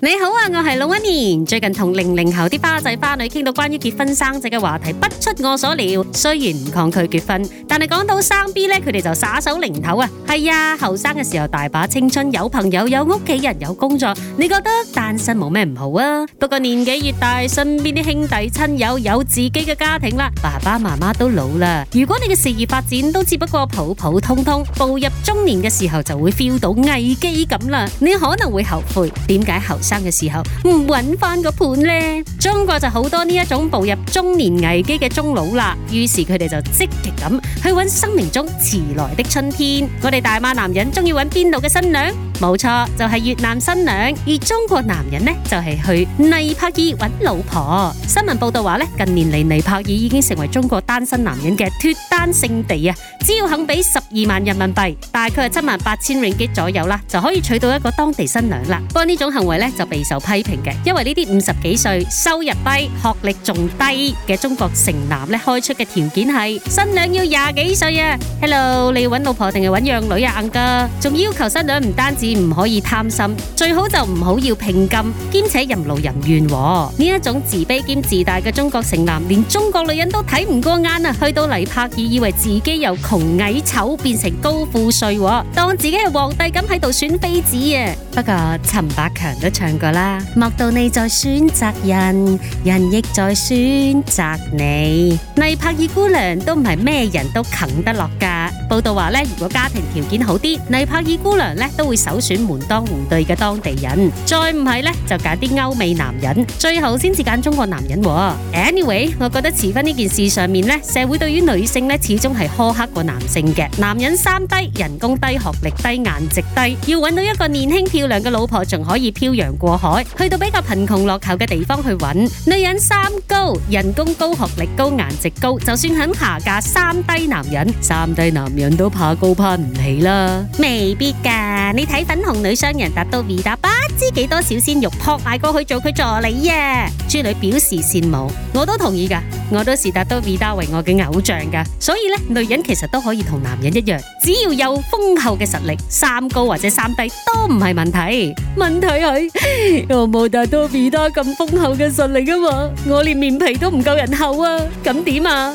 你好啊，我係龍紋敏。最近同零零後啲花仔花女傾到關於結婚生仔嘅話題，不出我所料。雖然唔抗拒結婚，但係講到生 B 咧，佢哋就耍手擰頭啊。係啊，後生嘅時候大把青春，有朋友，有屋企人，有工作。你覺得單身冇咩唔好啊？不過年紀越大，身邊啲兄弟親友有自己嘅家庭啦，爸爸媽媽都老啦。如果你嘅事業發展都只不過普普通通，步入中年嘅時候就會 feel 到危機咁啦，你可能會後悔。點解後生嘅時候唔揾翻個伴咧，中國就好多呢一種步入中年危機嘅中老啦，於是佢哋就積極咁去揾生命中遲來的春天。我哋大馬男人中意揾邊度嘅新娘？冇錯，就係、是、越南新娘，而中國男人呢就係、是、去尼泊爾揾老婆。新聞報道話咧，近年嚟尼泊爾已經成為中國單身男人嘅脱單聖地啊！只要肯俾十二萬人民幣，大概係七萬八千令吉左右啦，就可以娶到一個當地新娘啦。不過呢種行為呢，就備受批評嘅，因為呢啲五十幾歲、收入低、學歷仲低嘅中國城男呢，開出嘅條件係新娘要廿幾歲啊！Hello，你揾老婆定係揾養女啊？硬噶，仲要求新娘唔單止。唔可以貪心，最好就唔好要聘金，兼且任勞任怨。呢一種自卑兼自大嘅中國剩男，連中國女人都睇唔過眼啊！去到黎柏爾，以為自己由窮矮醜變成高富帥，當自己係皇帝咁喺度選妃子啊！不過陳百強都唱過啦。莫道你在選擇人，人亦在選擇你。尼泊爾姑娘都唔係咩人都啃得落噶。報道話咧，如果家庭條件好啲，尼泊爾姑娘咧都會首選門當戶對嘅當地人。再唔係咧，就揀啲歐美男人，最後先至揀中國男人。Anyway，我覺得遲婚呢件事上面咧，社會對於女性咧始終係苛刻過男性嘅。男人三低：人工低、學歷低、顏值低。要搵到一個年輕漂。兩個老婆仲可以漂洋過海，去到比較貧窮落後嘅地方去揾。女人三高，人工高、學歷高、顏值高，就算肯下嫁三低男人，三低男人都怕高攀唔起啦。未必噶，你睇粉紅女商人達到二打八，知幾多小鮮肉撲埋過去做佢助理啊？豬女表示羨慕，我都同意噶。我都視達多比達為我嘅偶像㗎，所以呢，女人其實都可以同男人一樣，只要有豐厚嘅實力，三高或者三低都唔係問題。問題係我冇達多比達咁豐厚嘅實力啊嘛，我連面皮都唔夠人厚啊，咁點啊？